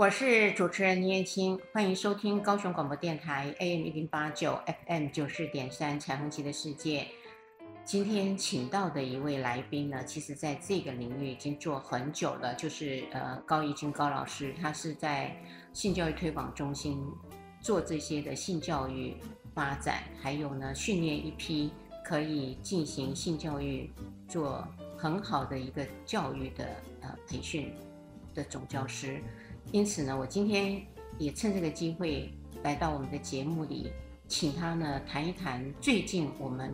我是主持人倪燕青，歡迎收聽高雄廣播電台 AM 一零八九 FM 九四點三《彩虹旗的世界》。今天請到的一位來賓呢，其實在這個領域已經做很久了，就是呃高宜君高老師，他是在性教育推廣中心做這些的性教育發展，還有呢訓練一批可以進行性教育做很好的一個教育的呃培訓的總教師。因此呢，我今天也趁這個機會來到我們的節目裡，請他呢談一談最近我們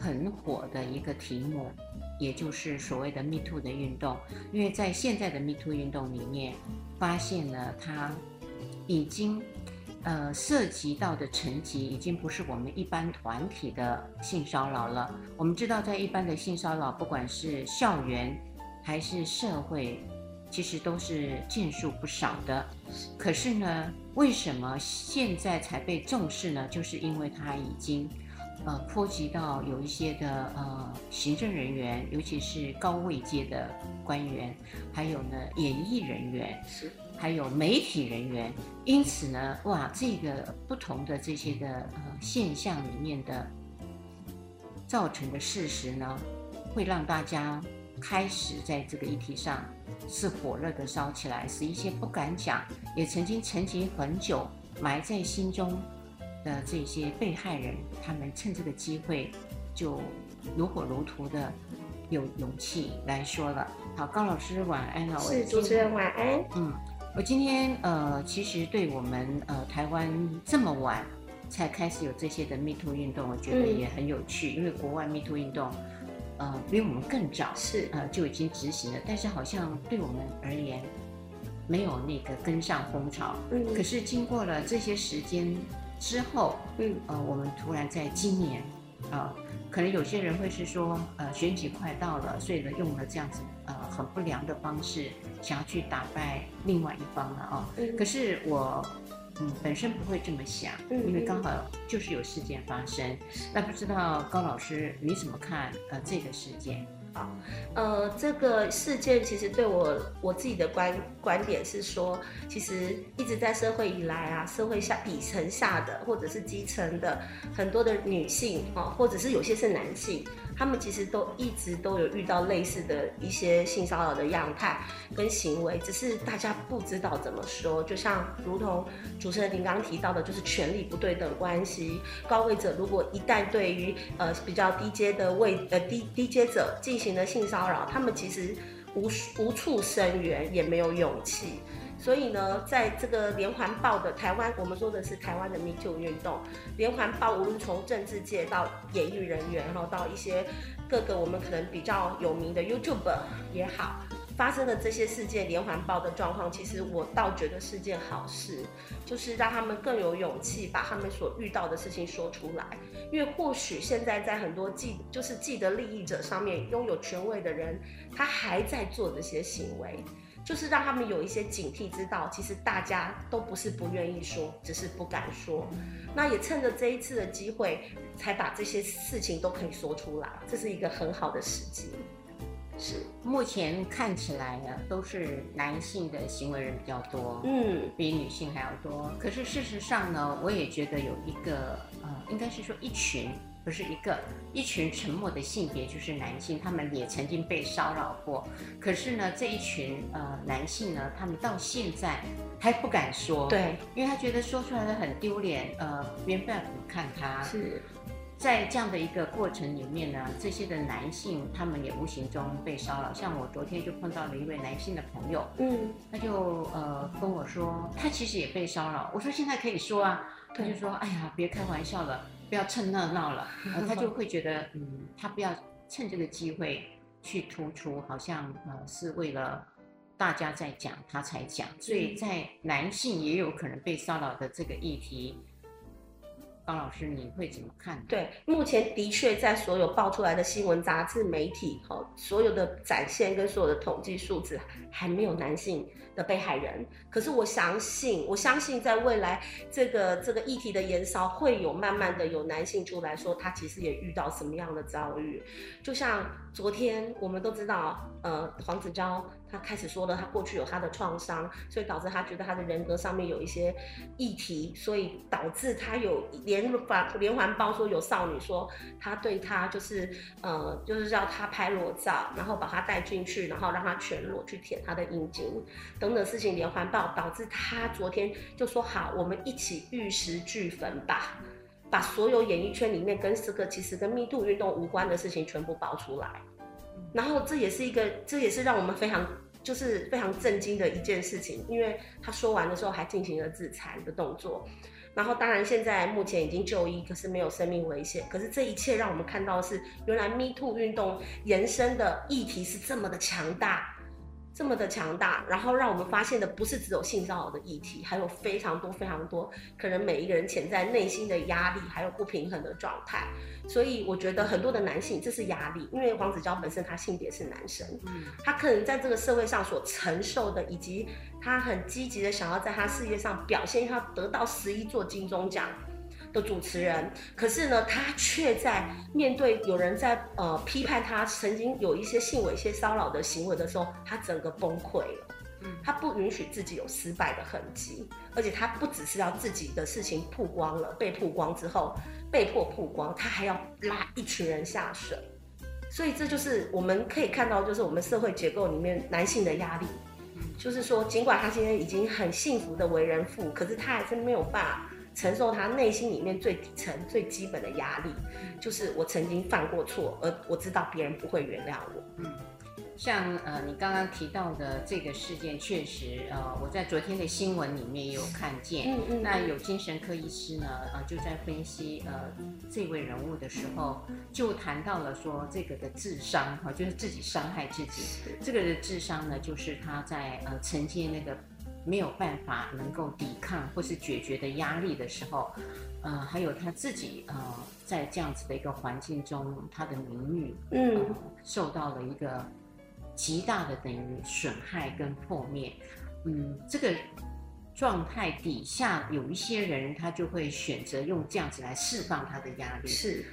很火的一個題目，也就是所謂的 Me Too 的運動。因為在現在的 Me Too 運動裡面，發現呢，他已經呃涉及到的層級已經不是我們一般團體的性騷擾了。我們知道，在一般的性騷擾，不管是校園還是社會。其實都是件數不少的，可是呢，為什麼現在才被重視呢？就是因為它已經，呃，波及到有一些的呃行政人員，尤其是高位階的官員，還有呢，演藝人員，還有媒體人員。因此呢，哇，這個不同的這些的呃現象裡面的造成的事實呢，會讓大家開始在這個議題上。是火熱的燒起來，是一些不敢講，也曾經沉寂很久，埋在心中的這些被害人，他們趁這個機會，就如火如荼的有勇氣來說了。好，高老師晚安了。是主持人今天晚安。嗯，我今天呃，其實對我們呃台灣這麼晚才開始有這些的 MeToo 運動，我覺得也很有趣，嗯、因為國外 MeToo 運動。呃，比我們更早是呃就已經執行了，但是好像對我們而言沒有那個跟上風潮。嗯，可是經過了這些時間之後，嗯，呃，我們突然在今年，啊、呃，可能有些人會是說，呃，選舉快到了，所以呢用了這樣子呃很不良的方式，想要去打敗另外一方了啊、哦。嗯，可是我。嗯，本身不會這麼想，因為剛好就是有事件發生。那、嗯嗯、不知道高老師你怎麼看？呃，這個事件啊，呃，這個事件其實對我我自己的觀觀點是說，其實一直在社會以來啊，社會下底層下的或者是基層的很多的女性啊，或者是有些是男性。他們其實都一直都有遇到類似的一些性騷擾的樣態跟行為，只是大家不知道怎麼說。就像如同主持人您剛剛提到的，就是權力不對等關係。高位者如果一旦對於呃比較低階的位呃低低階者進行了性騷擾，他們其實無無處申冤，也沒有勇氣。所以呢，在這個連環爆的台灣，我們說的是台灣的 Me Too 運動，連環爆無論從政治界到演藝人員，然後到一些各個我們可能比較有名的 YouTuber 也好，發生的這些事件連環爆的狀況，其實我倒覺得是件好事，就是讓他們更有勇氣把他們所遇到的事情說出來，因為或許現在在很多既就是既得利益者上面擁有權位的人，他還在做這些行為。就是讓他們有一些警惕之道。其實大家都不是不願意說，只是不敢說。那也趁着這一次的機會，才把這些事情都可以說出來。這是一個很好的時機。是目前看起來呢，都是男性的行為人比較多，嗯，比女性還要多。可是事實上呢，我也覺得有一個，呃、嗯，應該是說一群。不是一個一群沉默的性別，就是男性，他們也曾經被騷擾過。可是呢，這一群呃男性呢，他們到現在還不敢說。對，因為他覺得說出來的很丟臉，呃，別人會怎麼看他？是。在這樣的一個過程裡面呢，這些的男性他們也無形中被騷擾。像我昨天就碰到了一位男性的朋友，嗯，他就呃跟我說，他其實也被騷擾。我說現在可以說啊，他就說，哎呀，別開玩笑了。不要趁熱鬧了，他就會覺得， 嗯，他不要趁這個機會去突出，好像呃是為了大家在講他才講，所以在男性也有可能被騷擾的這個議題。高老師，你會怎麼看？對，目前的確在所有爆出來的新聞、雜誌、媒體，哈，所有的展現跟所有的統計數字，還沒有男性的被害人。可是我相信，我相信在未來這個這個議題的延燒，會有慢慢的有男性出來說，他其實也遇到什麼樣的遭遇，就像。昨天我們都知道，呃，黃子佼他開始說了，他過去有他的創傷，所以導致他覺得他的人格上面有一些議題，所以導致他有連環連環爆說有少女說他對他就是呃，就是叫他拍裸照，然後把他帶進去，然後讓他全裸去舔他的陰莖等等事情連環爆，導致他昨天就說好，我們一起玉石俱焚吧。把所有演藝圈裡面跟四個其實跟 Me Too 運動無關的事情全部爆出來，然後這也是一個，這也是讓我們非常就是非常震驚的一件事情，因為他說完的時候還進行了自殘的動作，然後當然現在目前已經就醫，可是沒有生命危險，可是這一切讓我們看到的是原來 Me Too 運動延伸的議題是這麼的強大。這麼的強大，然後讓我們發現的不是只有性騷擾的議題，還有非常多非常多可能每一個人潛在內心的壓力，還有不平衡的狀態。所以我覺得很多的男性這是壓力，因為黃子佼本身他性別是男生，嗯，他可能在這個社會上所承受的，以及他很積極的想要在他事業上表現，他得到十一座金鐘獎的主持人，可是呢，他卻在面對有人在呃批判他曾經有一些性猥褻騷擾的行為的時候，他整個崩潰了。嗯，他不允許自己有失敗的痕跡，而且他不只是要自己的事情曝光了，被曝光之後被迫曝光，他還要拉一群人下水。所以這就是我們可以看到，就是我們社會結構裡面男性的壓力。嗯，就是說，儘管他今天已經很幸福的為人父，可是他還是沒有辦法，承受他內心裡面最底層、成最基本的壓力，就是我曾經犯過錯，而我知道別人不會原諒我。嗯，像呃，你剛剛提到的這個事件，確實呃，我在昨天的新聞裡面也有看見。嗯嗯。那有精神科醫師呢，呃，就在分析呃這位人物的時候，就談到了說這個的智商哈、呃，就是自己傷害自己。這個的智商呢，就是他在呃承接那個。沒有辦法能夠抵抗，或是解決的壓力的時候，呃，還有他自己呃，在這樣子的一個環境中，他的名譽嗯、呃、受到了一個極大的等於損害跟破滅，嗯，這個狀態底下有一些人，他就會選擇用這樣子來釋放他的壓力。是，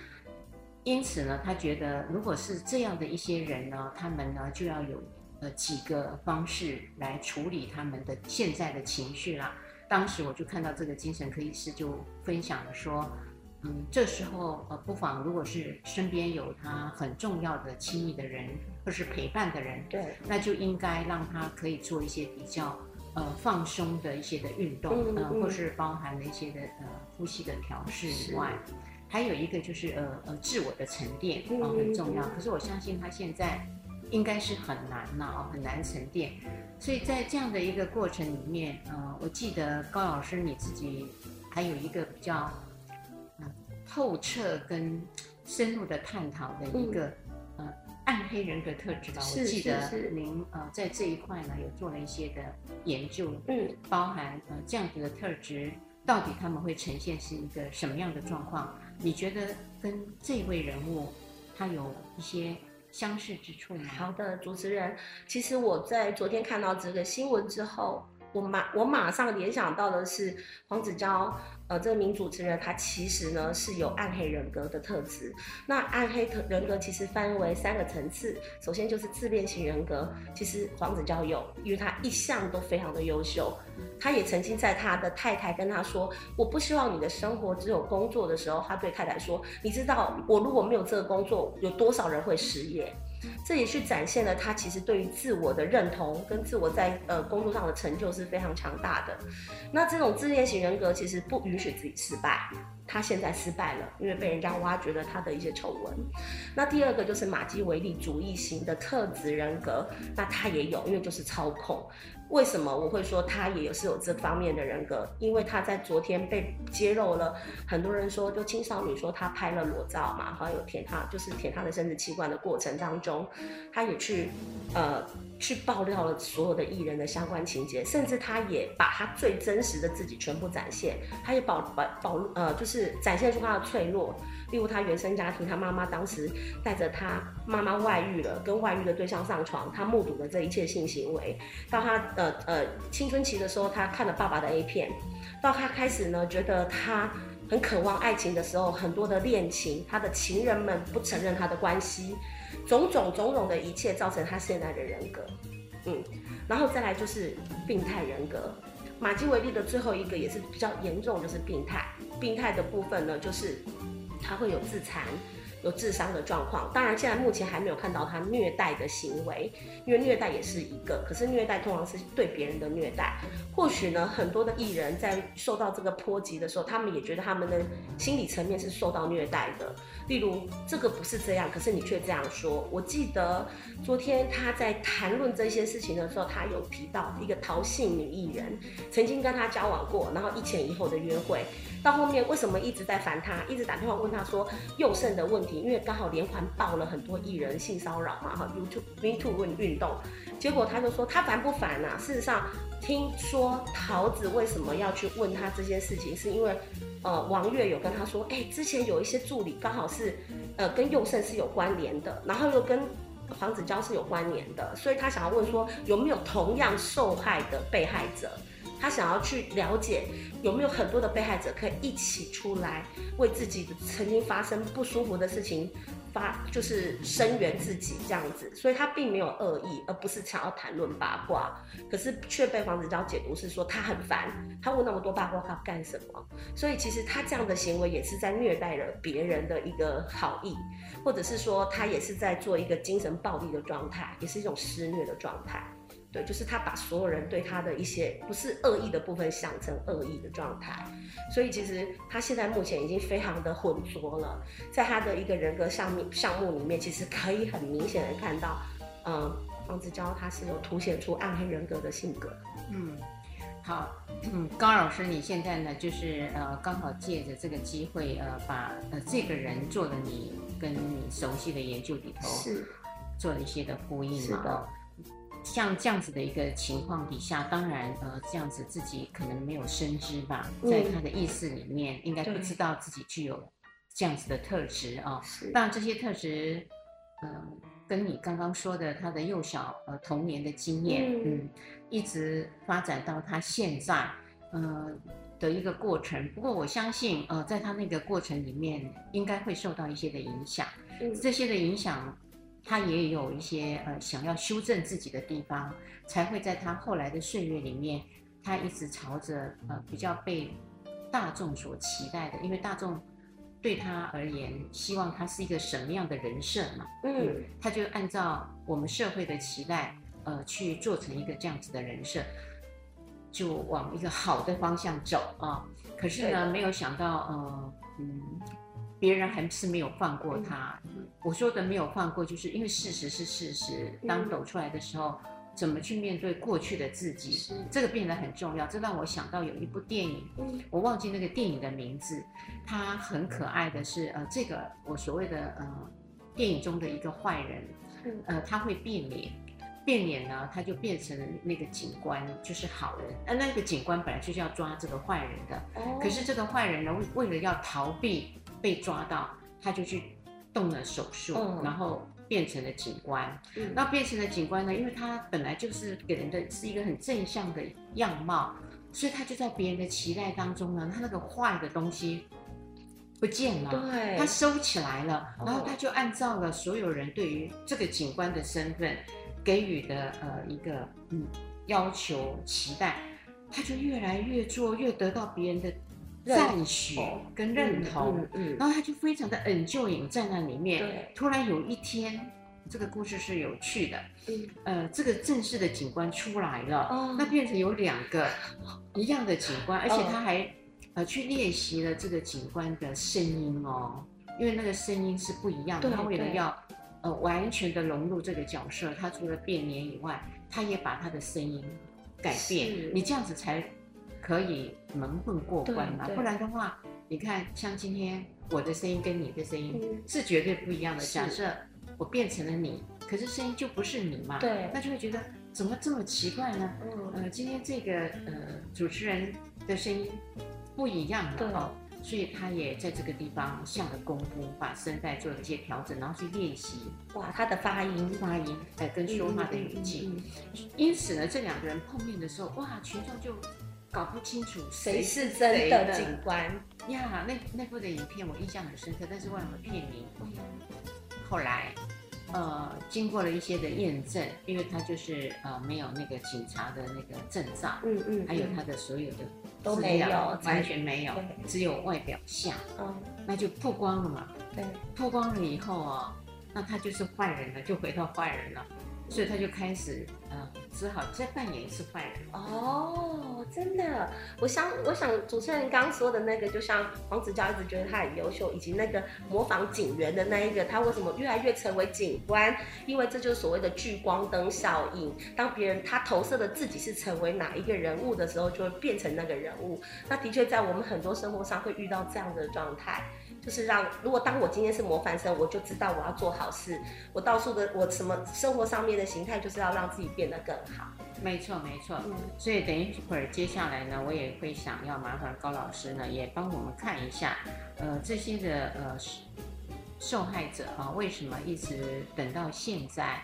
因此呢，他覺得如果是這樣的一些人呢，他們呢就要有。呃，幾個方式來處理他們的現在的情緒啦。當時我就看到這個精神科醫師就分享了說，嗯，這時候呃，不妨如果是身邊有他很重要的親密的人或是陪伴的人，對，那就應該讓他可以做一些比較呃放鬆的一些的運動，嗯，嗯呃、或是包含了一些的呃呼吸的調適以外，還有一個就是呃呃自我的沉澱啊、呃、很重要。可是我相信他現在。應該是很難了，啊、很難沉澱，所以在這樣的一個過程裡面，呃我記得高老師你自己還有一個比較、呃、透徹跟深入的探討的一個、嗯、呃暗黑人格特質吧？是是是，我記得您呃在這一塊呢，有做了一些的研究，嗯，包含呃這樣子的特質到底他們會呈現是一個什麼樣的狀況？嗯、你覺得跟這位人物他有一些？相似之處嗎？好的，主持人，其實我在昨天看到這個新聞之後，我馬我馬上聯想到的是黃子佼。呃，這個名主持人他其實呢是有暗黑人格的特質。那暗黑人格其實分為三個層次，首先就是自戀型人格，其實黃子佼有，因為他一向都非常的優秀。他也曾經在他的太太跟他說：“我不希望你的生活只有工作”的時候，他對太太說：“你知道我如果沒有這個工作，有多少人會失業？”這也是展現了他其實對於自我的認同跟自我在呃工作上的成就是非常強大的。那這種自戀型人格其實不允許自己失敗，他現在失敗了，因為被人家挖掘了他的一些醜聞。那第二個就是馬基維利主義型的特質人格，那他也有，因為就是操控。為什麼我會說他也是有這方面的人格？因為他在昨天被揭露了，很多人說，就青少女說他拍了裸照嘛，好像有舔他，就是舔他的生殖器官的過程當中，他也去，呃，去爆料了所有的藝人的相關情節，甚至他也把他最真實的自己全部展現，他也保保保，呃，就是展現出他的脆弱，例如他原生家庭，他媽媽當時帶着他。媽媽外遇了，跟外遇的對象上床，他目睹了這一切性行為。到他呃呃青春期的時候，他看了爸爸的 A 片。到他開始呢，覺得他很渴望愛情的時候，很多的戀情，他的情人們不承認他的關係，種種種種種的一切，造成他現在的人格。嗯，然後再來就是病態人格。馬基維利的最後一個也是比較嚴重，就是病態。病態的部分呢，就是他會有自殘。有智商的狀況，當然現在目前還沒有看到他虐待的行為，因為虐待也是一個，可是虐待通常是對別人的虐待。或許呢，很多的藝人，在受到這個波及的時候，他們也覺得他們的心理層面是受到虐待的。例如這個不是這樣，可是你卻這樣說。我記得昨天他在談論這些事情的時候，他有提到一個陶姓女藝人曾經跟他交往過，然後一前一後的約會。到後面為什麼一直在煩他，一直打電話問他說宥勝的問題，因為剛好連環爆了很多藝人性騷擾嘛，哈，YouTube Me Too 問運動，結果他就說他煩不煩啊？事實上，聽說陶子為什麼要去問他這件事情，是因為，呃，王月有跟他說，哎、欸，之前有一些助理剛好是，呃，跟宥勝是有關聯的，然後又跟黃子佼是有關聯的，所以他想要問說有沒有同樣受害的被害者。他想要去了解有沒有很多的被害者可以一起出來為自己曾經發生不舒服的事情發，就是聲援自己這樣子，所以他並沒有惡意，而不是想要談論八卦，可是卻被黃子佼解讀是說他很煩，他問那麼多八卦他要幹什麼？所以其實他這樣的行為也是在虐待了別人的一個好意，或者是說他也是在做一個精神暴力的狀態，也是一種施虐的狀態。對，就是他把所有人對他的一些不是惡意的部分想成惡意的狀態，所以其實他現在目前已經非常的渾濁了，在他的一個人格上目項目裡面，其實可以很明顯的看到，嗯、呃，黃子佼他是有凸顯出暗黑人格的性格。嗯，好，嗯，高老師，你現在呢就是，呃剛好借着這個機會呃，把呃這個人做的你跟你熟悉的研究裡頭是做了一些的呼應的，是的。像這樣子的一個情況底下，當然呃，這樣子自己可能沒有深知吧、嗯，在他的意識裡面，應該不知道自己具有這樣子的特質啊。那、哦、這些特質，嗯、呃，跟你剛剛說的他的幼小呃童年的經驗、嗯，嗯，一直發展到他現在呃的一個過程。不過我相信呃，在他那個過程裡面，應該會受到一些的影響、嗯，這些的影響。他也有一些呃想要修正自己的地方，才會在他後來的歲月裡面，他一直朝着呃比較被大眾所期待的，因為大眾對他而言，希望他是一個什麼樣的人設嘛？嗯，嗯，他就按照我們社會的期待，呃去做成一個這樣子的人設，就往一個好的方向走啊。可是呢，沒有想到呃嗯。別人還是沒有放過他。嗯嗯、我說的沒有放過，就是因為事實是事實。嗯、當抖出來的時候，怎麼去面對過去的自己，這個變得很重要。這讓我想到有一部電影、嗯，我忘記那個電影的名字。它很可愛的是，呃，這個我所謂的呃，電影中的一個壞人，嗯、呃，他會變臉。變臉呢，他就變成了那個警官，就是好人。呃，那個警官本來就是要抓這個壞人的，哦、可是這個壞人呢，為，為了要逃避。被抓到，他就去動了手術，然後變成了警官、嗯。那變成了警官呢？因為他本來就是給人的是一個很正向的樣貌，所以他就在別人的期待當中呢，他那個壞的東西不見了，對，他收起來了。然後他就按照了所有人對於這個警官的身份給予的呃一個嗯要求期待，他就越來越做，越得到別人的。讚許跟認同、嗯嗯嗯，然後他就非常的嗯享受在那裡面。對。突然有一天，這個故事是有趣的。嗯，呃，這個正式的警官出來了，嗯、那變成有兩個一樣的警官、嗯、而且他還呃去練習了這個警官的聲音哦，因為那個聲音是不一樣的。對對對。他為了要呃完全的融入這個角色，他除了變臉以外，他也把他的聲音改變。你這樣子才可以蒙混過關嘛？不然的話，你看，像今天我的聲音跟你的聲音、嗯、是絕對不一樣的。假設我變成了你，可是聲音就不是你嘛？對，那就會覺得怎麼這麼奇怪呢？嗯，呃，今天這個呃主持人的聲音不一樣了，哦。所以他也在這個地方下了功夫，把聲帶做了一些調整，然後去練習。哇，他的發音、發音呃，跟說話的語氣、嗯嗯嗯。因此呢，這兩個人碰面的時候，哇，群眾就搞不清楚誰，誰是真的警官呀？Yeah, 那那部的影片我印象很深刻，但是為什麼騙你？後來，呃，經過了一些的驗證，因為他就是呃，沒有那個警察的那個證照，嗯嗯、嗯，還有他的所有的資料都沒有，完全沒有，只有外表像，那就曝光了嘛。對，曝光了以後哦，那他就是壞人了，就回到壞人了。所以他就開始，呃，只好再扮演一次壞人。哦、oh,，真的，我想，我想主持人剛剛說的那個，就像黃子佼一直覺得他很優秀，以及那個模仿警員的那一個，他為什麼越來越成為警官？因為這就是所謂的聚光燈效應。當別人他投射的自己是成為哪一個人物的時候，就會變成那個人物。那的確在我們很多生活上會遇到這樣的狀態。就是讓，如果當我今天是模範生，我就知道我要做好事。我到處的我什麼生活上面的形態，就是要讓自己變得更好。沒錯，沒錯。嗯。所以等一會兒接下來呢，我也會想要麻煩高老師呢，也幫我們看一下，呃，這些的呃受害者啊，為什麼一直等到現在，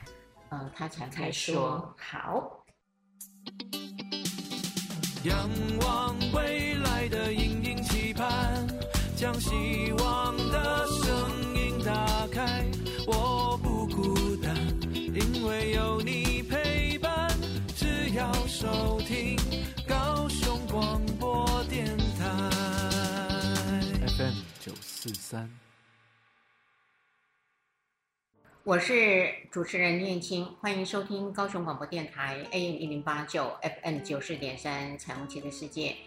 呃，他才說才說好。仰望未來的殷殷期盼，將希望。三，我是主持人念青，歡迎收聽高雄廣播電台 AM 一零八九 FM 九十四點三彩虹旗的世界。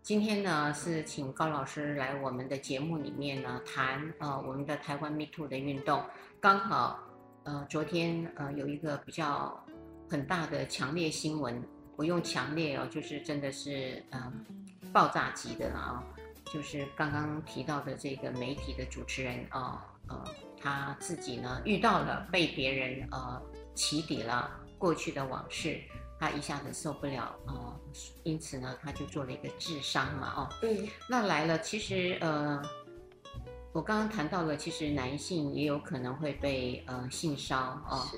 今天呢是請高老師來我們的節目裡面呢談，呃，我們的台灣 Me Too 的運動。剛好呃昨天呃有一個比較很大的強烈新聞，不用強烈哦，就是真的是嗯、呃、爆炸級的了、哦、啊。就是剛剛提到的這個媒體的主持人啊、哦，呃，他自己呢遇到了被別人呃起底了過去的往事，他一下子受不了啊、呃，因此呢，他就做了一個自傷嘛，哦，對，那來了，其實呃，我剛剛談到了，其實男性也有可能會被呃性騷啊、哦，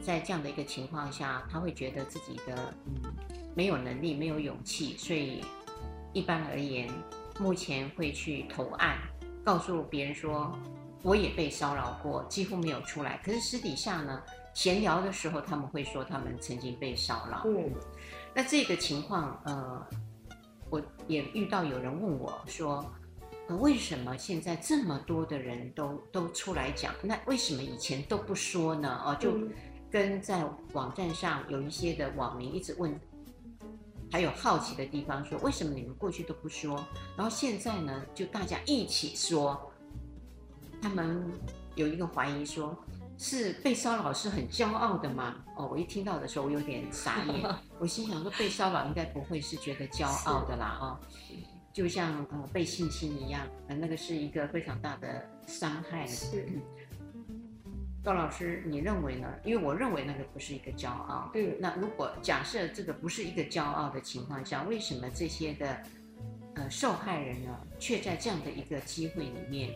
在這樣的一個情況下，他會覺得自己的嗯沒有能力，沒有勇氣，所以。一般而言，目前會去投案，告訴別人說我也被騷擾過，幾乎沒有出來。可是私底下呢，閒聊的時候他們會說他們曾經被騷擾。嗯，那這個情況，呃，我也遇到有人問我說，啊，為什麼現在這麼多的人都都出來講？那為什麼以前都不說呢？哦，啊，就跟在網站上有一些的網民一直問。還有好奇的地方，說為什麼你們過去都不說？然後現在呢，就大家一起說。他們有一個懷疑說，說是被騷擾是很驕傲的嗎？哦，我一聽到的時候，我有點傻眼。 我心想說，被騷擾應該不會是覺得驕傲的啦，哦，就像呃被性侵一樣，呃，那個是一個非常大的傷害。是。高老師，你認為呢？因為我認為那個不是一個驕傲。對、嗯。那如果假設這個不是一個驕傲的情況下，為什麼這些的，呃，受害人呢，卻在這樣的一個機會裡面，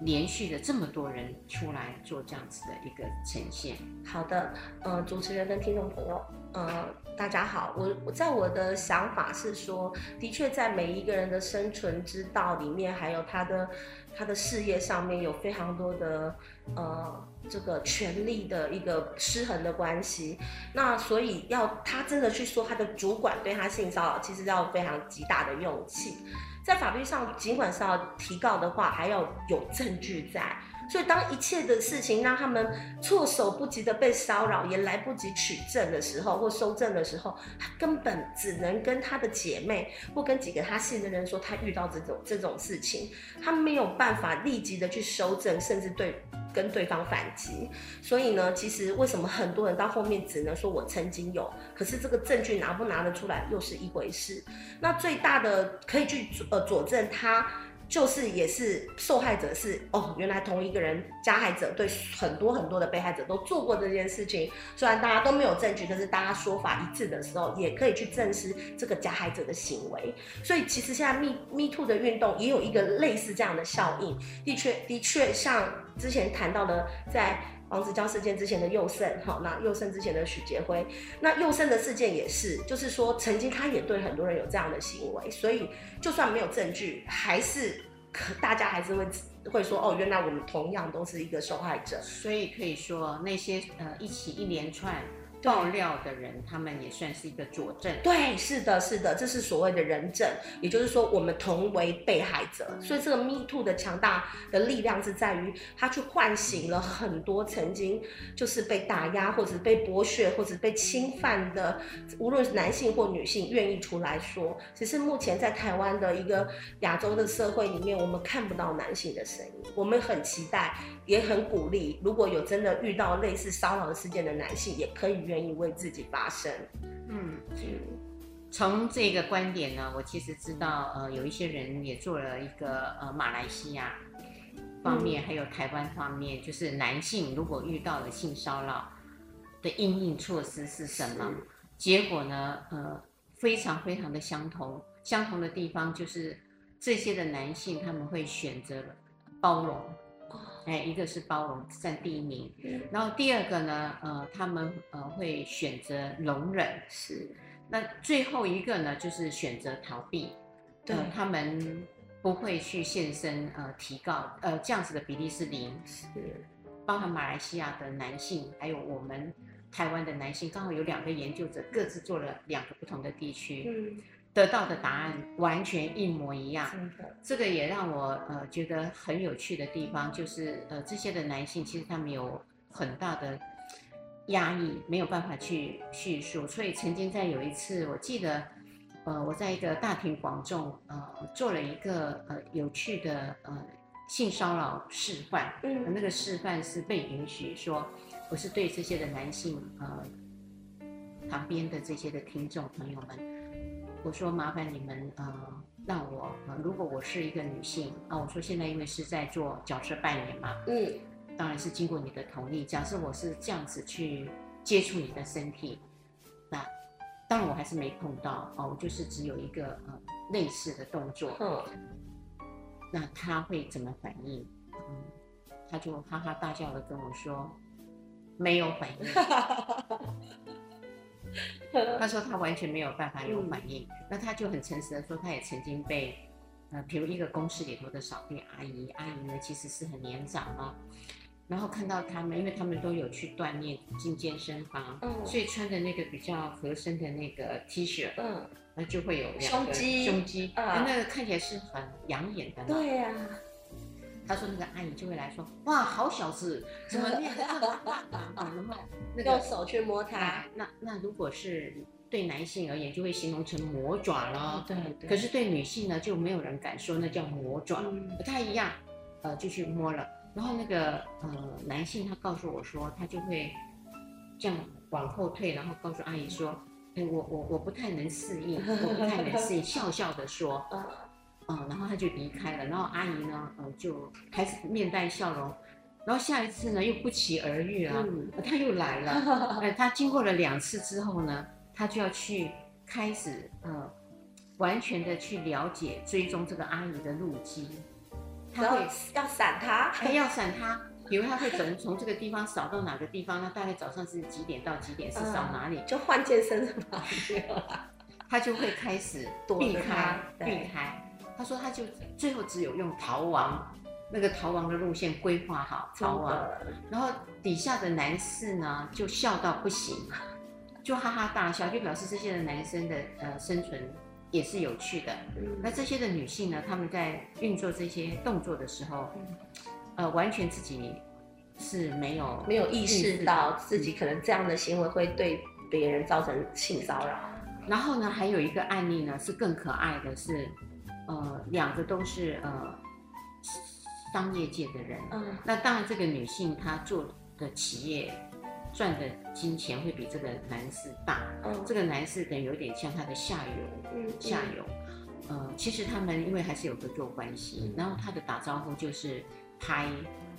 連續的這麼多人出來做這樣子的一個呈現？好的，呃，主持人跟聽眾朋友，呃，大家好，我在我的想法是說，的確在每一個人的生存之道裡面，還有他的。他的事業上面有非常多的，呃，這個權力的一個失衡的關係，那所以要他真的去說他的主管對他性騷擾，其實要非常極大的勇氣，在法律上，儘管是要提告的話，還要有證據在，所以，當一切的事情讓他們措手不及的被騷擾，也來不及取證的時候，或收證的時候，他根本只能跟他的姐妹，或跟幾個他信任的人說他遇到這種這種事情，他沒有辦法立即的去收證，甚至對跟對方反擊。所以呢，其實為什麼很多人到後面只能說我曾經有，可是這個證據拿不拿得出來又是一回事。那最大的可以去呃佐證他。就是也是受害者是哦，原來同一個人加害者對很多很多的被害者都做過這件事情。雖然大家都沒有證據，但是大家說法一致的時候，也可以去證實這個加害者的行為。所以其實現在 Me Me Too 的運動也有一個類似這樣的效應。的確的確，像之前談到的，在。黃子佼事件之前的宥勝，好，那宥勝之前的許杰輝，那宥勝的事件也是，就是說曾經他也對很多人有這樣的行為，所以就算沒有證據，還是可大家還是會會說，哦，原來我們同樣都是一個受害者，所以可以說那些呃一起一連串。嗯爆料的人，他們也算是一個佐證。對，是的，是的，這是所謂的人證。也就是說，我們同為被害者，所以這個 MeToo 的強大的力量是在於，他去喚醒了很多曾經就是被打壓或者被剝削或者被侵犯的，無論是男性或女性，願意出來說。其實目前在台灣的一個亞洲的社會裡面，我們看不到男性的聲音。我們很期待，也很鼓勵，如果有真的遇到類似騷擾事件的男性，也可以。願意為自己發聲，嗯。嗯，從這個觀點呢，我其實知道，呃，有一些人也做了一個，呃，馬來西亞方面、嗯、還有台灣方面，就是男性如果遇到了性騷擾的因應措施是什麼是？結果呢，呃，非常非常的相同，相同的地方就是這些的男性他們會選擇包容。嗯哎，一個是包容占第一名，嗯，然後第二個呢，呃，他們呃會選擇容忍，是。那最後一個呢，就是選擇逃避，對、呃、他們不會去現身，呃，提告，呃，這樣子的比例是零。是，包含馬來西亞的男性，還有我們台灣的男性，剛好有兩個研究者各自做了兩個不同的地區。嗯。得到的答案完全一模一樣，真的，這個也讓我呃覺得很有趣的地方，就是呃這些的男性其實他們有很大的壓抑，沒有辦法去敘述。所以曾經在有一次，我記得呃我在一個大庭廣眾呃做了一個呃有趣的呃性騷擾示範，嗯，那個示範是被允許說我是對這些的男性呃旁邊的這些的聽眾朋友們。我說麻煩你們，呃，讓我、呃，如果我是一個女性啊，我說現在因為是在做角色扮演嘛，嗯，當然是經過你的同意。假設我是這樣子去接觸你的身體，那當然我還是沒碰到，哦，我就是只有一個呃類似的動作，嗯、那他會怎麼反應？他、嗯、就哈哈大笑的跟我說，沒有反應。 他說他完全沒有辦法有反應，那他就很誠實的說，他也曾經被，呃，比如一個公司裡頭的掃地阿姨，阿姨呢，其實是很年長啊，然後看到他們，嗯，因為他們都有去鍛鍊進健身房，嗯，所以穿的那個比較合身的那個 T 恤，嗯，那就會有兩個胸肌胸肌，啊，嗯，那個看起來是很養眼的嘛，對呀，啊。他說：“那個阿姨就會來說，哇，好小子，怎麼練、啊啊啊、那個？然後用手去摸它、啊。那那如果是對男性而言，就會形容成魔爪了、哦。可是對女性呢，就沒有人敢說那叫魔爪、嗯，不太一樣。呃，就去摸了。然後那個呃男性，他告訴我說，他就會這樣往後退，然後告訴阿姨說，哎，我我我不太能適應，我不太能適應，笑笑的說。”嗯，然後他就離開了。然後阿姨呢，呃，就開始面帶笑容。然後下一次呢，又不期而遇了、嗯，他又來了。對、 呃，他經過了兩次之後呢，他就要去開始呃，完全的去了解追蹤這個阿姨的路徑。他會要閃他，還要閃他， 比如他會怎麼從這個地方掃到哪個地方？那大概早上是幾點到幾點是掃哪裡？嗯、就換健身的嗎？ 他就會開始避開，避開。他說，他就最後只有用逃亡，那個逃亡的路線規劃好逃亡，然後底下的男士呢，就笑到不行，就哈哈大笑，就表示這些的男生的呃生存也是有趣的、嗯。那這些的女性呢，他們在運作這些動作的時候，嗯、呃，完全自己是沒有沒有意識到自己可能這樣的行為會對別人造成性騷擾。然後呢，還有一個案例呢是更可愛的是。呃，兩個都是呃，商業界的人。嗯，那當然，這個女性她做的企業賺的金錢會比這個男士大。嗯、這個男士等於有點像他的下游嗯。嗯，下游，呃，其實他們因為還是有合作關係。嗯、然後他的打招呼就是拍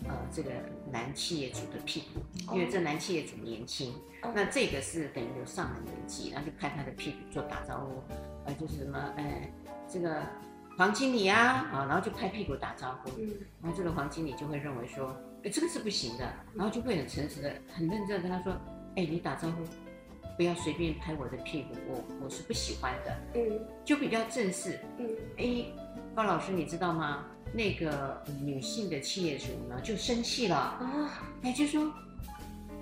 呃這個男企業主的屁股，嗯，因為這男企業主年輕。嗯、那這個是等於有上了年紀、嗯，然後就拍他的屁股做打招呼。呃，就是什麼，呃，這個。黃經理啊，啊、嗯，然後就拍屁股打招呼，嗯、然後這個黃經理就會認為說，哎、欸，這個是不行的，然後就會很誠實的、很認真的跟他說，哎、欸，你打招呼不要隨便拍我的屁股，我我是不喜歡的，嗯，就比較正式，嗯，哎、欸，高老師你知道嗎？那個女性的企業主呢就生氣了啊，哎、欸、就說，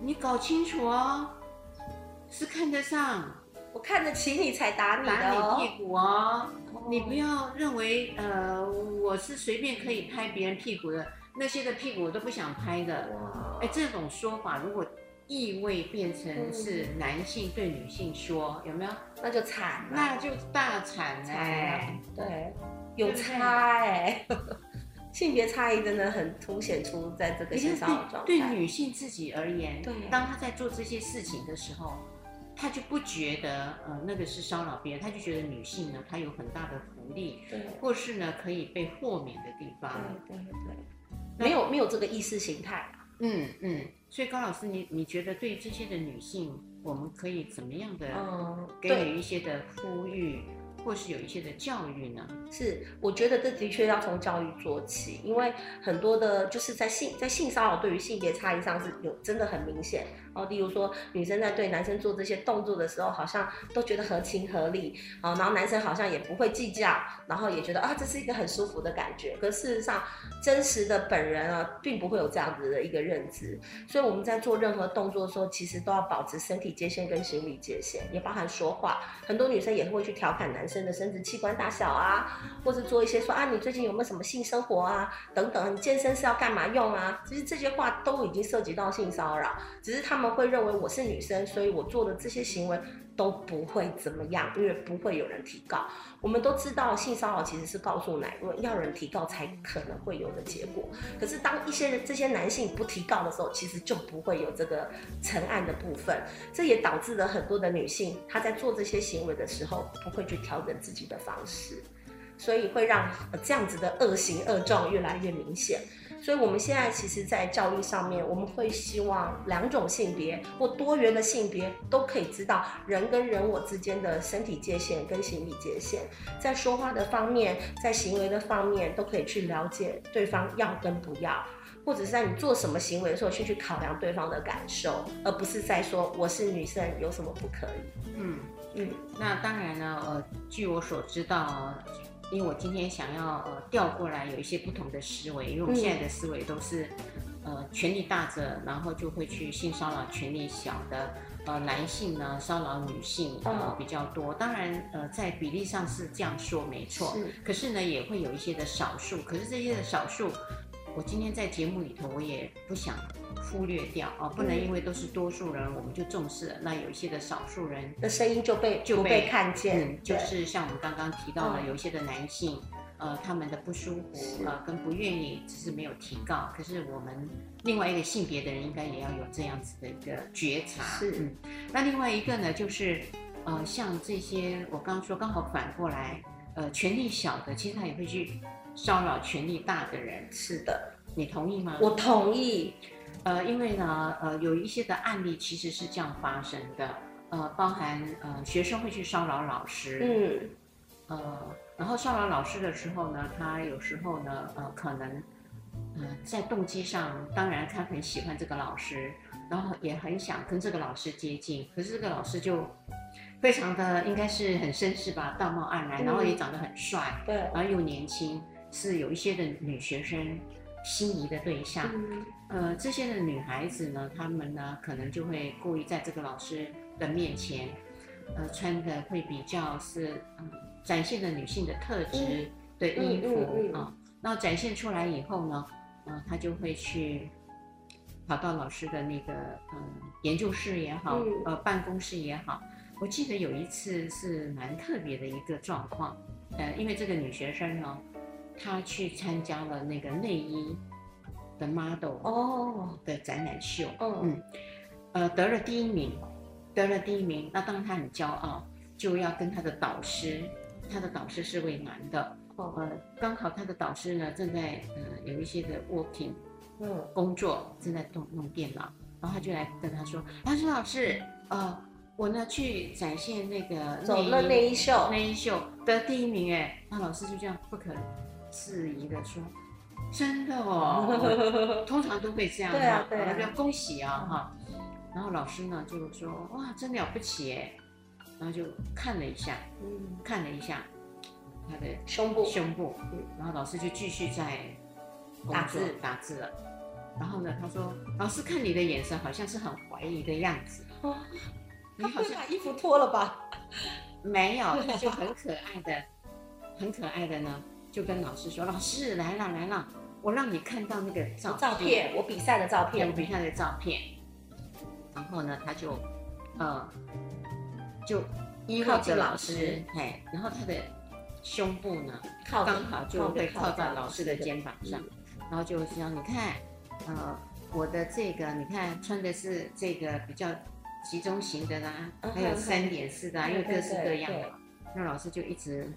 你搞清楚哦，是看得上，我看得起你才打你、哦、打你屁股哦。你不要認為，呃，我是隨便可以拍別人屁股的，那些的屁股我都不想拍的。哎、欸，這種說法如果意味變成是男性對女性說，嗯、有沒有？那就慘了，那就大慘了哎、欸。對，有差哎、欸。性別差異真的很凸顯出在這個線上。對，女性自己而言，當她在做這些事情的時候。他就不覺得，呃、嗯，那個是騷擾別人，他就覺得女性呢，她有很大的福利，對或是呢可以被豁免的地方，嗯、對對，沒有沒有這個意識形態、啊。嗯嗯。所以高老師，你你覺得對於這些的女性，我們可以怎麼樣的給予一些的呼籲、嗯，或是有一些的教育呢？是，我覺得這的確要從教育做起，因為很多的就是在性在性騷擾對於性別差異上是有真的很明顯。哦，例如說女生在對男生做這些動作的時候，好像都覺得合情合理，啊，然後男生好像也不會計較，然後也覺得啊這是一個很舒服的感覺。可事實上，真實的本人啊，並不會有這樣子的一個認知。所以我們在做任何動作的時候，其實都要保持身體界限跟心理界限，也包含說話。很多女生也會去調侃男生的生殖器官大小啊，或者做一些說啊，你最近有沒有什麼性生活啊？等等，你健身是要幹嘛用啊？其實這些話都已經涉及到性騷擾，只是他們。他們會認為我是女生，所以我做的這些行為都不會怎麼樣，因為不會有人提告。我們都知道，性騷擾其實是告訴乃論，要人提告才可能會有的結果。可是當一些人這些男性不提告的時候，其實就不會有這個成案的部分。這也導致了很多的女性她在做這些行為的時候不會去調整自己的方式，所以會讓、呃、這樣子的惡行惡狀越來越明顯。所以，我們現在其實，在教育上面，我們會希望兩種性別或多元的性別都可以知道人跟人我之間的身體界限跟心理界限，在說話的方面，在行為的方面，都可以去了解對方要跟不要，或者是在你做什麼行為的時候，先去，去考量對方的感受，而不是在說我是女生有什麼不可以。嗯嗯，那當然呢，呃，據我所知道啊。因為我今天想要呃調過來有一些不同的思維，因為我現在的思維都是，呃，權力大者，然後就會去性騷擾權力小的，呃，男性呢騷擾女性呃比較多。當然，呃，在比例上是這樣說沒錯，可是呢也會有一些的少數。可是這些的少數，我今天在節目裡頭我也不想。忽略掉哦，不能因為都是多數人，嗯、我們就重視了。那有一些的少數人的聲音就被就不被看見，嗯。就是像我們剛剛提到的，嗯，有一些的男性，呃，他們的不舒服，呃，跟不願意，只是沒有提告。可是我們另外一個性別的人，應該也要有這樣子的一個覺察。是，嗯。那另外一個呢，就是呃，像這些，我剛剛說，剛好反過來，呃，權力小的，其實他也會去騷擾權力大的人。是的，你同意嗎？我同意。呃，因為呢，呃，有一些的案例其實是這樣發生的，呃，包含呃學生會去騷擾老師，嗯，呃，然後騷擾老師的時候呢，他有時候呢，呃，可能，呃，在動機上，當然他很喜歡這個老師，然後也很想跟這個老師接近，可是這個老師就非常的，應該是很紳士吧，道貌岸然，然後也長得很帥，對、嗯，然後又年輕，是有一些的女學生心儀的對象。嗯嗯呃，這些的女孩子呢，她們呢，可能就會故意在這個老師的面前，呃，穿的會比較是，呃、展現了女性的特質的衣服啊、嗯嗯嗯呃。那展現出來以後呢，嗯、呃，她就會去跑到老師的那個嗯、呃、研究室也好，嗯、呃辦公室也好。我記得有一次是蠻特別的一個狀況，呃，因為這個女學生呢，她去參加了那個內衣。的 model 哦、oh, 的展覽秀，oh. 嗯，呃，得了第一名，得了第一名，那當然他很驕傲，就要跟他的導師。他的導師是位男的，哦、oh. 呃，剛好他的導師呢正在嗯、呃、有一些的 working，嗯，工作、oh. 正在動弄電腦，然後他就來跟他說，他、嗯、說，老師，呃，我呢去展現那個那一走了內衣秀，內衣秀得第一名，哎、嗯，那老師就這樣不可置疑的說。真的哦， 通常都會這樣。對啊，對啊，恭喜啊哈、嗯！然後老師呢就說哇，真了不起，然後就看了一下，嗯，看了一下他的胸部，胸部。然後老師就繼續在打字打字了。然後呢，他說老師看你的眼神好像是很懷疑的樣子。哦，你好像把衣服脫了吧？沒有，就很可愛的， 很可愛的呢，就跟老師說老師來了來了。我讓你看到那個照片照片，我比賽的照片，我比賽的照片。然後呢，他就，呃，就依靠着老師，哎，然後他的胸部呢，靠剛好就會靠在老師的肩膀上，靠著靠著然後就是你看，呃，我的這個你看穿的是這個比較集中型的啦，還有三點式的、啊，又各式各樣的。對對對對，那老師就一直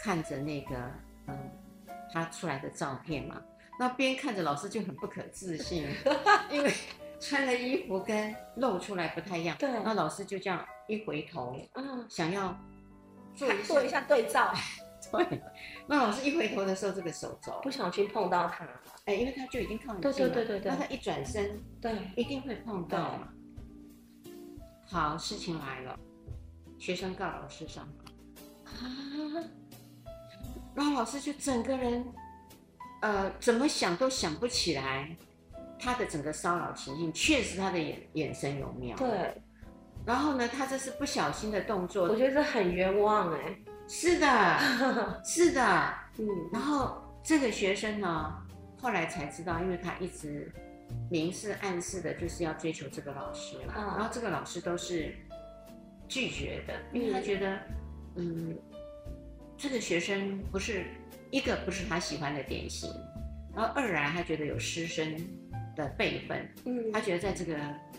看着那個，嗯、呃，他出來的照片嘛。那邊看着老師就很不可置信， 因為穿的衣服跟露出來不太一樣。對，那老師就這樣一回頭，想要做、嗯、做一下對照。 對，那老師一回頭的時候，這個手肘不小心碰到他，哎、欸，因為他就已經靠近了。對對對對對。那他一轉身，對，一定會碰到。好，事情來了，學生告老師上麼？啊，然後老師就整個人。呃，怎麼想都想不起來，他的整個騷擾情境，確實他的眼眼神有妙。對，然後呢，他這是不小心的動作，我覺得這很冤枉哎。是的， 是的， 嗯。然後這個學生呢，後來才知道，因為他一直明示暗示的，就是要追求這個老師嘛、嗯，然後這個老師都是拒絕的，因為他覺得，嗯，嗯這個學生不是。一個不是他喜歡的典型，然後二來他覺得有師生的輩分，嗯，他覺得在這個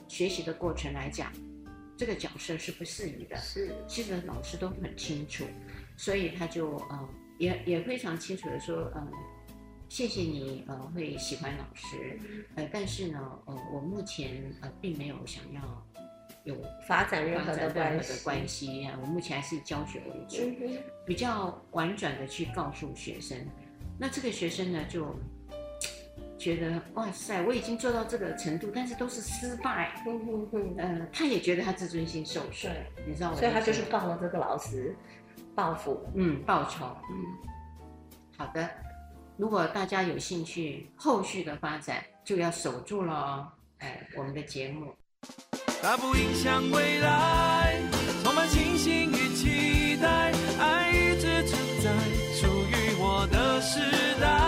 學習的過程來講，這個角色是不適宜的。是，其實老師都很清楚，所以他就嗯、呃、也也非常清楚的說，嗯、呃，謝謝你呃會喜歡老師，呃，但是呢呃我目前呃並沒有想要。有發展任何的關係，啊，我目前還是以教學為主，嗯嗯，比較婉轉的去告訴學生。那這個學生呢，就覺得哇塞，我已經做到這個程度，但是都是失敗，嗯，嗯，嗯，呃，他也覺得他自尊心受損，你知道嗎？所以他就是放了這個老師，報復，嗯，報仇。嗯，好的。如果大家有興趣後續的發展，就要守住了哦。哎，我們的節目。 它不影響未來，充滿信心與期待，愛一直存在，屬於我的時代。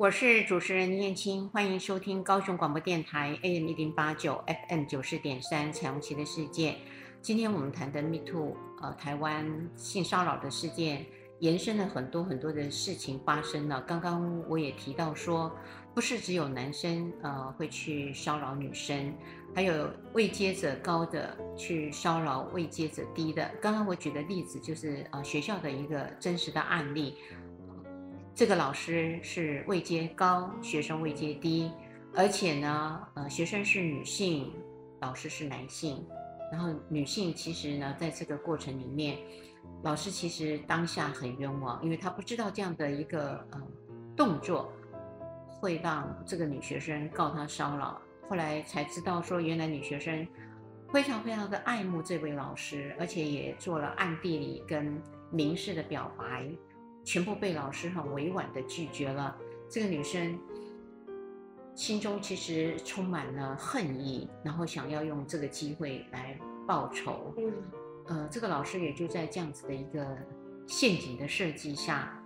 我是主持人林燕青，歡迎收聽高雄廣播電台 AM 一零八九 FM 九四點三彩虹旗的世界。今天我們談的 Me Too，呃，台灣性騷擾的事件，延伸了很多很多的事情發生了。剛剛我也提到說，不是只有男生呃會去騷擾女生，還有位階者高的去騷擾位階者低的。剛剛我舉的例子就是呃學校的一個真實的案例。這個老師是位階高，學生位階低，而且呢，呃，學生是女性，老師是男性。然後女性其實呢，在這個過程裡面，老師其實當下很冤枉，因為他不知道這樣的一個呃動作會讓這個女學生告他騷擾。後來才知道說，原來女學生非常非常的愛慕這位老師，而且也做了暗地裡跟明示的表白。全部被老師很委婉的拒絕了。這個女生心中其實充滿了恨意，然後想要用這個機會來報仇。嗯，呃，這個老師也就在這樣子的一個陷阱的設計下，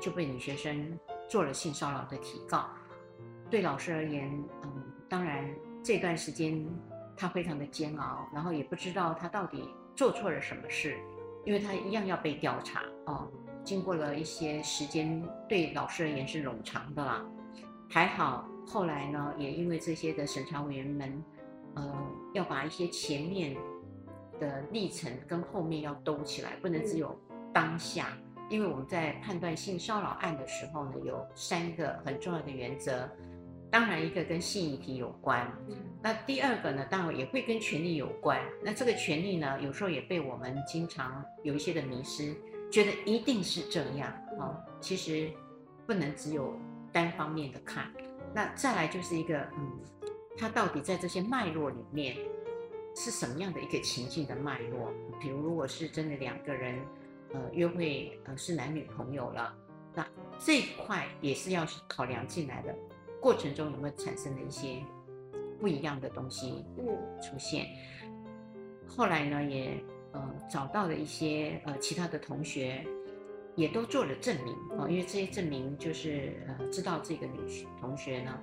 就被女學生做了性騷擾的提告。對老師而言，嗯，當然這段時間他非常的煎熬，然後也不知道他到底做錯了什麼事，因為他一樣要被調查，哦。經過了一些時間，對老師而言是冗長的啦。還好後來呢，也因為這些的審查委員們，呃，要把一些前面的歷程跟後面要兜起來，不能只有當下。嗯、因為我們在判斷性騷擾案的時候呢，有三個很重要的原則。當然，一個跟性議題有關，那第二個呢，當然也會跟權力有關。那這個權力呢，有時候也被我們經常有一些的迷思。覺得一定是這樣，好、哦，其實不能只有單方面的看。那再來就是一個，嗯，他到底在這些脈絡裡面是什麼樣的一個情境的脈絡？比如，如果是真的兩個人，呃，約會，呃，是男女朋友了，那這一塊也是要去考量進來的。過程中有沒有產生的一些不一樣的東西出現？嗯、後來呢，也。呃，找到了一些呃，其他的同學也都做了證明啊，因為這些證明就是呃，知道這個女同學呢，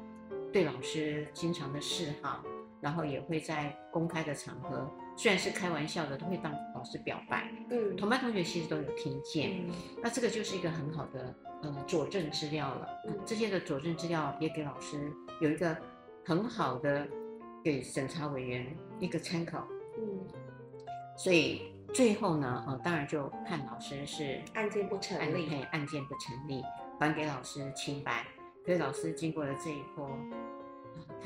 對老師經常的示好，然後也會在公開的場合，雖然是開玩笑的，都會當老師表白。嗯，同班同學其實都有聽見，那這個就是一個很好的呃佐證資料了。這些的佐證資料也給老師有一個很好的給審查委員一個參考。所以最後呢，呃，當然就判老師是案件不成立，案件不成立，還給老師清白。所以老師經過了這一波，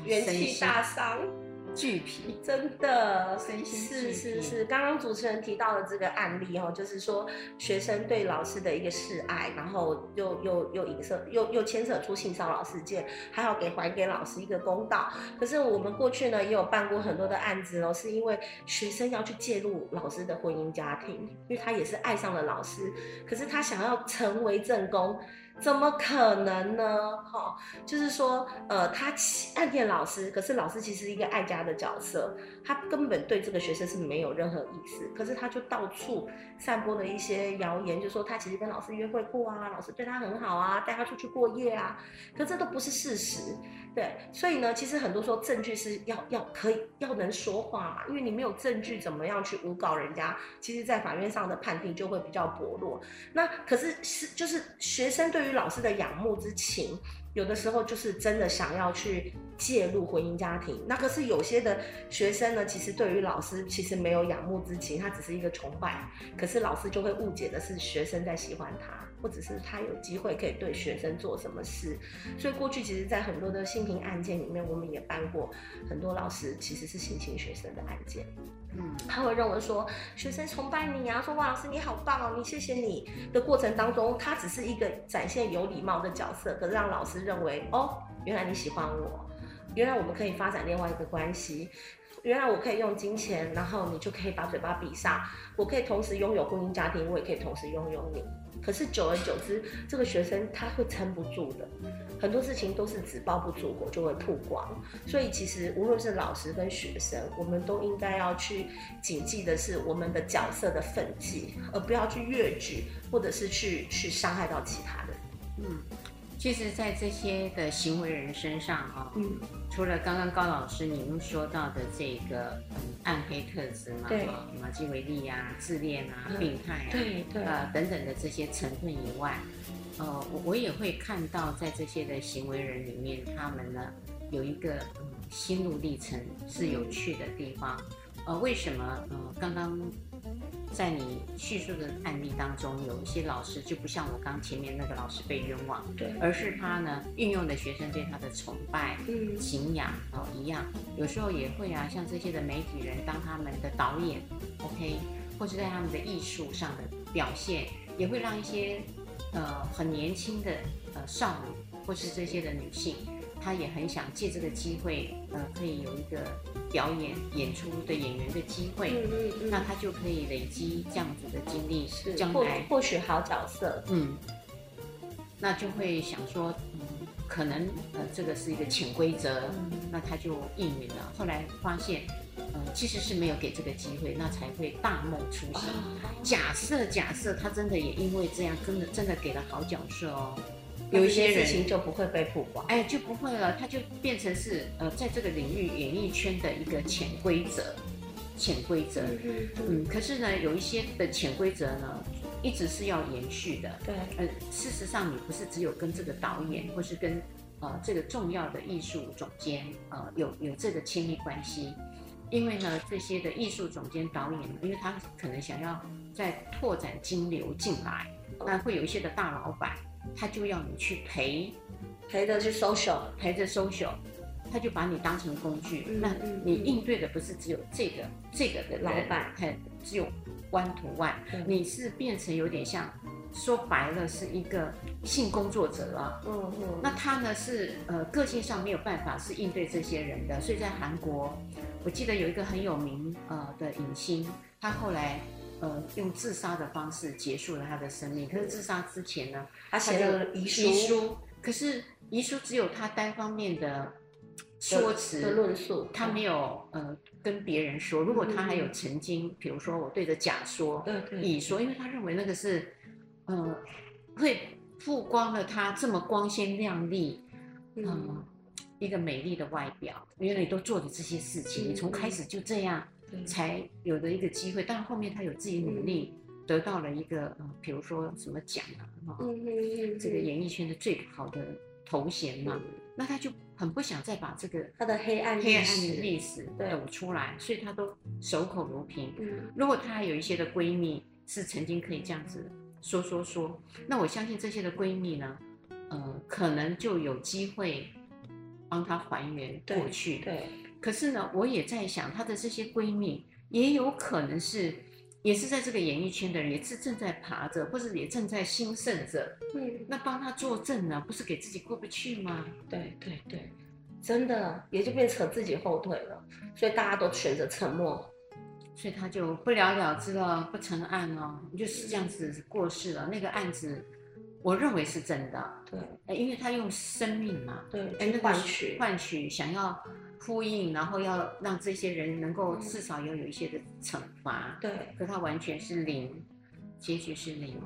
元氣大傷。啊巨皮真的，是是是。剛剛主持人提到的這個案例哦，就是說學生對老師的一個示愛，然後又又又，又影射又又牽扯出性騷擾事件，還要給還給老師一個公道。可是我們過去呢，也有辦過很多的案子哦，是因為學生要去介入老師的婚姻家庭，因為他也是愛上了老師，可是他想要成為正宮。怎麼可能呢？哈、哦，就是說，呃，他暗戀老師，可是老師其實是一個愛家的角色，他根本對這個學生是沒有任何意思。可是他就到處散播了一些謠言，就說他其實跟老師約會過啊，老師對他很好啊，帶他出去過夜啊，可這都不是事實。對，所以呢，其實很多時候證據是要要可以要能說話嘛，因為你沒有證據，怎麼樣去誣告人家？其實，在法院上的判定就會比較薄弱。那可是是就是學生對於老師的仰慕之情，有的時候就是真的想要去介入婚姻家庭。那可是有些的學生呢，其實對於老師其實沒有仰慕之情，他只是一個崇拜。可是老師就會誤解的是學生在喜歡他。或者是他有機會可以對學生做什麼事，所以過去其實，在很多的性侵案件裡面，我們也辦過很多老師其實是性侵學生的案件。嗯，他會認為說，學生崇拜你啊，說哇，老師你好棒，啊，你謝謝你。的過程當中，他只是一個展現有禮貌的角色，可是讓老師認為哦，原來你喜歡我，原來我們可以發展另外一個關係，原來我可以用金錢，然後你就可以把嘴巴閉上，我可以同時擁有婚姻家庭，我也可以同時擁有你。可是久而久之，這個學生他會撐不住的，很多事情都是紙包不住火，就會曝光。所以其實無論是老師跟學生，我們都應該要去謹記的是我們的角色的分際，而不要去越矩，或者是去去傷害到其他人。嗯，其實在這些的行為人身上哈、哦。嗯除了剛剛高老師您說到的這個、嗯、暗黑特質嘛對、哦，馬基維利啊、自戀啊、嗯、病態啊、對對啊、呃、等等的這些成分以外，呃，我我也會看到在這些的行為人裡面，他們呢有一個、嗯、心路歷程是有趣的地方。嗯、呃，為什麼？呃，剛剛。在你敘述的案例當中，有一些老師就不像我剛前面那個老師被冤枉，對，而是他呢運用的學生對他的崇拜、嗯、敬仰哦一樣，有時候也會啊，像這些的媒體人當他們的導演，OK，或是在他們的藝術上的表現，也會讓一些，呃，很年輕的呃少女或是這些的女性。他也很想借這個機會，呃，可以有一個表演演出的演員的機會嗯嗯嗯，那他就可以累積這樣子的經歷，是將來獲取好角色。嗯，那就會想說，嗯，可能，呃，這個是一個潛規則嗯嗯，那他就應允了。後來發現，呃，其實是沒有給這個機會，那才會大夢初醒，哦。假設假設他真的也因為這樣，真的真的給了好角色哦。有一些事情就不會被曝光，哎，就不會了，它就變成是呃，在這個領域演藝圈的一個潛規則，潛規則嗯，嗯，可是呢，有一些的潛規則呢，一直是要延續的，對，呃，事實上你不是只有跟這個導演或是跟呃這個重要的藝術總監呃有有這個親密關係，因為呢，這些的藝術總監導演，因為他可能想要再拓展金流進來，那會有一些的大老闆。他就要你去陪，陪着去 social 陪着 social 他就把你當成工具、嗯。那你應對的不是只有這個、嗯、這個的老板，還有只有 one to one，你是變成有點像，說白了是一個性工作者了。嗯嗯，那他呢是呃個性上沒有辦法是應對這些人的，所以在韓國，我記得有一個很有名呃的影星，他後來。呃，用自殺的方式結束了他的生命。可是自殺之前呢，他寫了遺書，遺書。可是遺書只有他單方面的說辭、論述，他沒有呃跟別人說。如果他還有曾經，嗯、比如說我對着甲說、乙、嗯、說，因為他認為那個是呃會曝光了他這麼光鮮亮麗、呃、嗯一個美麗的外表，因為你都做的這些事情，嗯、你從開始就這樣。才有的一個機會，但後面她有自己努力，嗯、得到了一個呃、比如說什麼獎啊、嗯嗯嗯，這個演藝圈的最好的頭銜嘛。嗯、那她就很不想再把這個她的黑暗黑暗歷史抖出來，所以她都守口如瓶。嗯、如果她還有一些的閨蜜是曾經可以這樣子說說說，那我相信這些的閨蜜呢，呃，可能就有機會幫她還原過去。對。對可是呢，我也在想，她的這些閨蜜也有可能是，也是在這個演藝圈的人，也是正在爬着，或者也正在興盛着，嗯。那幫她作證呢，不是給自己過不去嗎？對對對，對，真的也就變成自己後腿了。所以大家都選擇沉默，所以他就不了了之了，不成案了，哦，就是這樣子過世了。嗯、那個案子，我認為是真的。對，因為他用生命嘛，對，去換取換取想要。呼應，然後要讓這些人能夠至少要有一些的懲罰。對，可他完全是零，結局是零。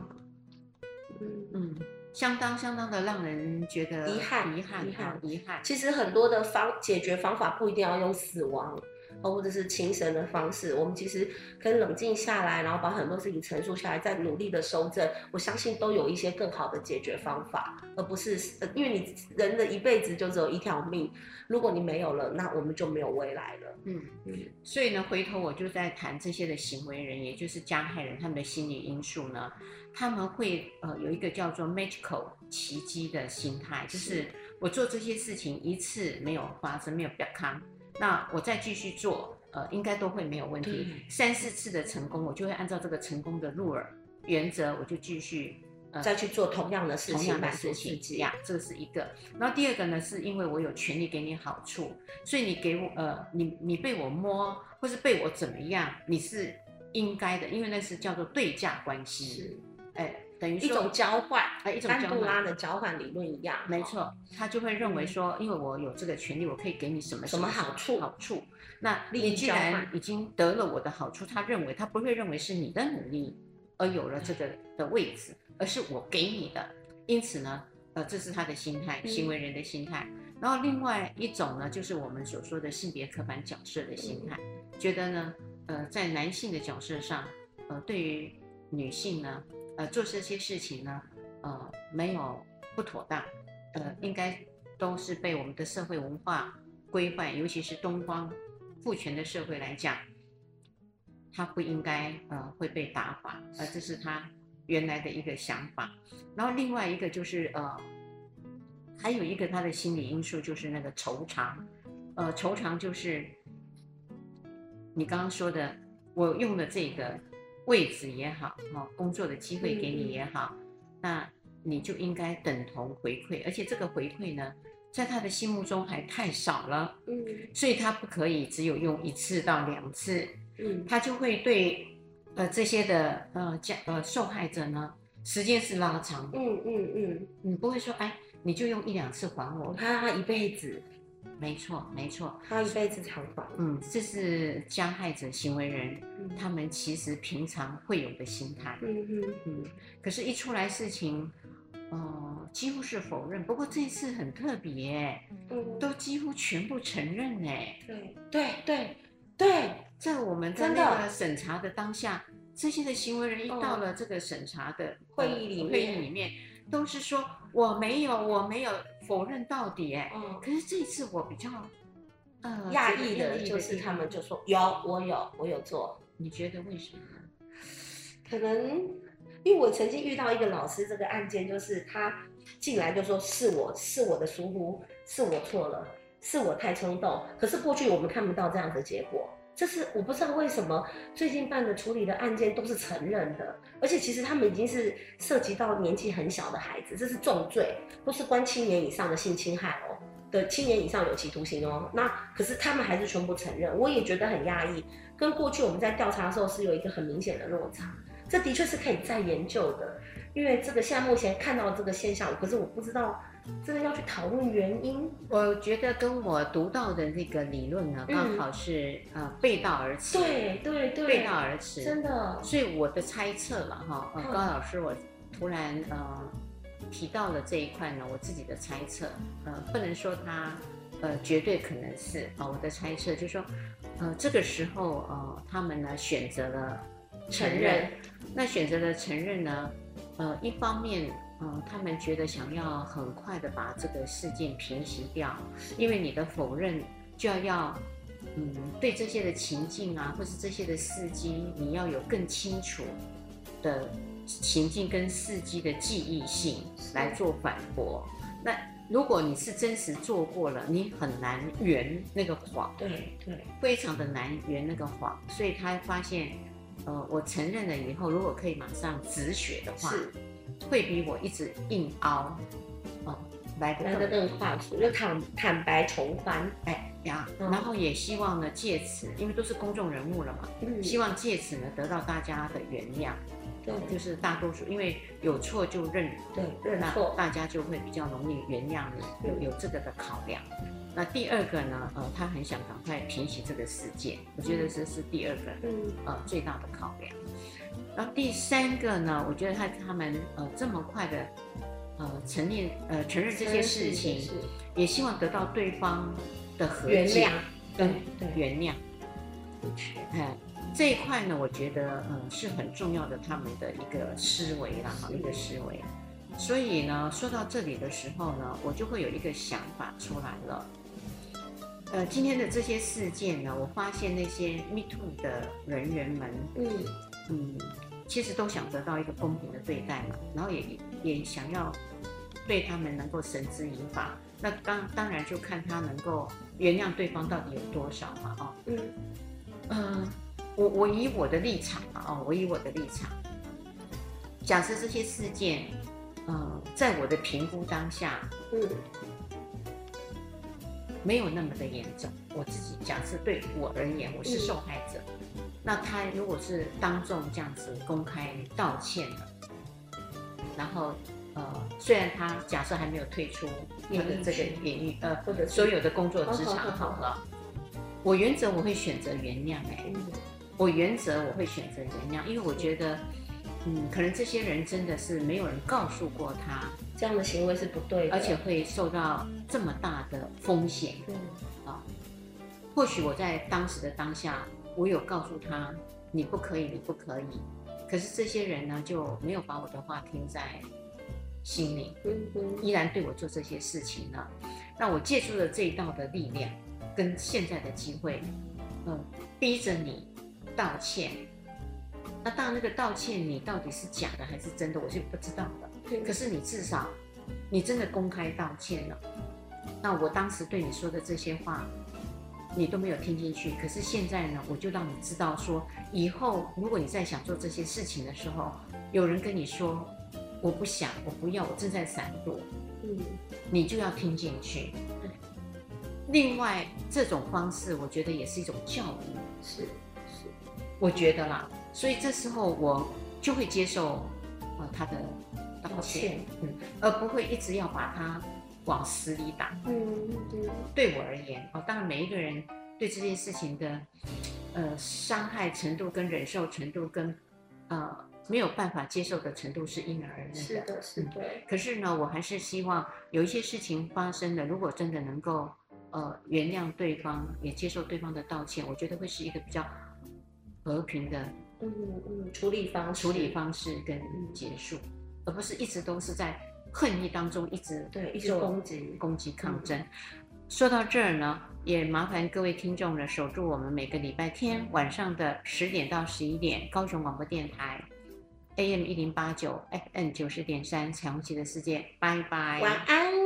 嗯，相當相當的讓人覺得遺憾，遺憾，遺憾，遺憾。其實很多的方解決方法不一定要用死亡。哦，或者是情神的方式，我們其實可以冷靜下來，然後把很多事情陳述下來，再努力的修正。我相信都有一些更好的解決方法，而不是呃，因為你人的一輩子就只有一條命，如果你沒有了，那我們就沒有未來了。嗯嗯。所以呢，回頭我就在談這些的行為人，也就是加害人，他們的心理因素呢，他們會呃有一個叫做 “magical” 奇蹟的心態，就是我做這些事情一次沒有發生，沒有表康。那我再繼續做，呃，應該都會沒有問題。三四次的成功，我就會按照這個成功的入耳原則，我就繼續，呃，再去做同樣的事情。同樣的事情，這樣，這個是一個。然後第二個呢，是因為我有權利給你好處，所以你給我，呃，你你被我摸，或是被我怎麼樣，你是應該的，因為那是叫做對價關係，哎等於一種交換，啊、哎，一種單獨，一單獨拉的交換理論一樣，沒錯，他就會認為說、嗯，因為我有這個權力，我可以給你什麼什麼好處，好處。那你既然已經得了我的好處，他認為他不會認為是你的努力而有了這個的位置、哎，而是我給你的。因此呢，呃，這是他的心態，行為人的心態。嗯、然後另外一種呢，就是我們所說的性別刻板角色的心態，嗯、覺得呢，呃，在男性的角色上，呃，對於女性呢。呃，做這些事情呢，呃，沒有不妥當，呃，應該都是被我們的社會文化規範，尤其是東方父權的社會來講，他不應該呃會被打垮，而、呃、這是他原來的一個想法。然後另外一個就是呃，還有一個他的心理因素就是那個酬償，呃，酬償就是你剛剛說的，我用的這個。位置也好，工作的機會給你也好，嗯，那你就應該等同回饋，而且這個回饋呢，在他的心目中還太少了，嗯，所以他不可以只有用一次到兩次，嗯，他就會對，呃這些的呃加呃受害者呢，時間是拉長，嗯嗯嗯，你不會說哎，你就用一兩次還我，他一輩子。沒錯，沒錯，他一輩子才管。嗯，這是加害者行為人，嗯、他們其實平常會有的心態。嗯嗯嗯。可是，一出來事情，呃，幾乎是否認。不過這次很特別、嗯，都幾乎全部承認嘞、嗯。對對對對，在我們在那個審查的當下的，這些的行為人一到了這個審查的、哦呃、會議、會議裡面，都是說。我沒有，我沒有否認到底。哎、哦，可是這一次我比較，呃，訝異的，訝異的就是他們就說有，我有，我有做。你覺得為什麼？可能因為我曾經遇到一個老師，這個案件就是他進來就說，是我是我的疏忽，是我錯了，是我太衝動。可是過去我們看不到這樣的結果。這是我不知道為什麼最近辦的處理的案件都是承認的，而且其實他們已經是涉及到年紀很小的孩子，這是重罪，都是關七年以上的性侵害哦，的七年以上有期徒刑哦。那可是他們還是全部承認，我也覺得很壓抑，跟過去我們在調查的時候是有一個很明顯的落差，這的確是可以再研究的，因為這個現在目前看到這個現象，可是我不知道。真的要去討論原因，我覺得跟我讀到的那個理論呢，剛好是、嗯、呃背道而馳。對對對，背道而馳，真的。所以我的猜測了哈，呃、哦嗯，高老師我突然呃提到了這一塊呢，我自己的猜測，呃，不能說他呃絕對可能是啊、哦，我的猜測就是說，呃，這個時候呃他們呢選擇了承認，承認那選擇了承認呢，呃，一方面。嗯，他們覺得想要很快的把這個事件平息掉，因為你的否認就要要，嗯，對這些的情境啊，或是這些的時機，你要有更清楚的情境跟時機的記憶性來做反駁。那如果你是真實做過了，你很難圓那個謊，對對，非常的難圓那個謊。所以他發現，呃，我承認了以後，如果可以馬上止血的話。會比我一直硬拗，哦、嗯，來得來更快，就坦坦白從寬，哎呀、嗯，然後也希望呢，借此因為都是公眾人物了嘛，嗯、希望借此呢得到大家的原諒，對、嗯嗯，就是大多數，因為有錯就認，對，認錯，大家就會比較容易原諒你，有、嗯、有這個的考量。那第二個呢，呃，他很想趕快平息這個事件，嗯、我覺得這是第二個，嗯、呃，最大的考量。第三個呢，我覺得他他們呃這麼快的呃承認呃承認這些事情事，也希望得到對方的和解、原諒、嗯、對原諒，對，原諒、嗯。這一塊呢，我覺得嗯是很重要的，他們的一個思維了哈，然後一個思維。所以呢，說到這裡的時候呢，我就會有一個想法出來了。呃，今天的這些事件呢，我發現那些 Me Too 的人員們，嗯嗯。其實都想得到一個公平的對待嘛，然後也也想要對他們能夠繩之以法。那當當然就看他能夠原諒對方到底有多少嘛，哦，嗯，呃，我我以我的立場啊哦，我以我的立場，假設這些事件，呃，在我的評估當下，嗯，沒有那麼的嚴重。我自己假設對我而言，我是受害者。嗯那他如果是當眾這樣子公開道歉了，然後，呃，雖然他假設還沒有退出他的這個領域，呃，或者所有的工作職場，哦、好了，我原則我會選擇原諒，哎、嗯，我原則我會選擇原諒，因為我覺得嗯，嗯，可能這些人真的是沒有人告訴過他，這樣的行為是不對的，而且會受到這麼大的風險，對、嗯，啊，或許我在當時的當下。我有告訴他，你不可以，你不可以。可是這些人呢，就沒有把我的話聽在心裡，依然對我做這些事情了。那我借助了這一道的力量，跟現在的機會，嗯，逼着你道歉。那到那個道歉，你到底是假的還是真的，我就不知道了。可是你至少，你真的公開道歉了。那我當時對你說的這些話。你都沒有聽進去，可是現在呢，我就讓你知道說，說以後如果你再想做這些事情的時候，有人跟你說，我不想，我不要，我正在閃躲，嗯，你就要聽進去。對。另外，這種方式我覺得也是一種教育，是，是，我覺得啦。所以這時候我就會接受，啊、呃，他的道歉，道歉，嗯，而不會一直要把他。往死裡打、嗯，對。對我而言，哦，當然每一個人對這件事情的，呃，傷害程度跟忍受程度跟，呃，沒有辦法接受的程度是因人而異的。是的，是的、嗯。可是呢，我還是希望有一些事情發生了，如果真的能夠，呃，原諒對方，也接受對方的道歉，我覺得會是一個比較和平的處、嗯嗯嗯，處理方處理方式跟結束，而不是一直都是在。恨意當中一直對一,一直攻擊攻擊抗爭、嗯，說到這兒呢，也麻煩各位聽眾呢，守住我們每個禮拜天、嗯、晚上的十點到十一點，高雄廣播電台，AM 一零八九，FM 九十點三，彩虹旗的世界，拜拜，晚安。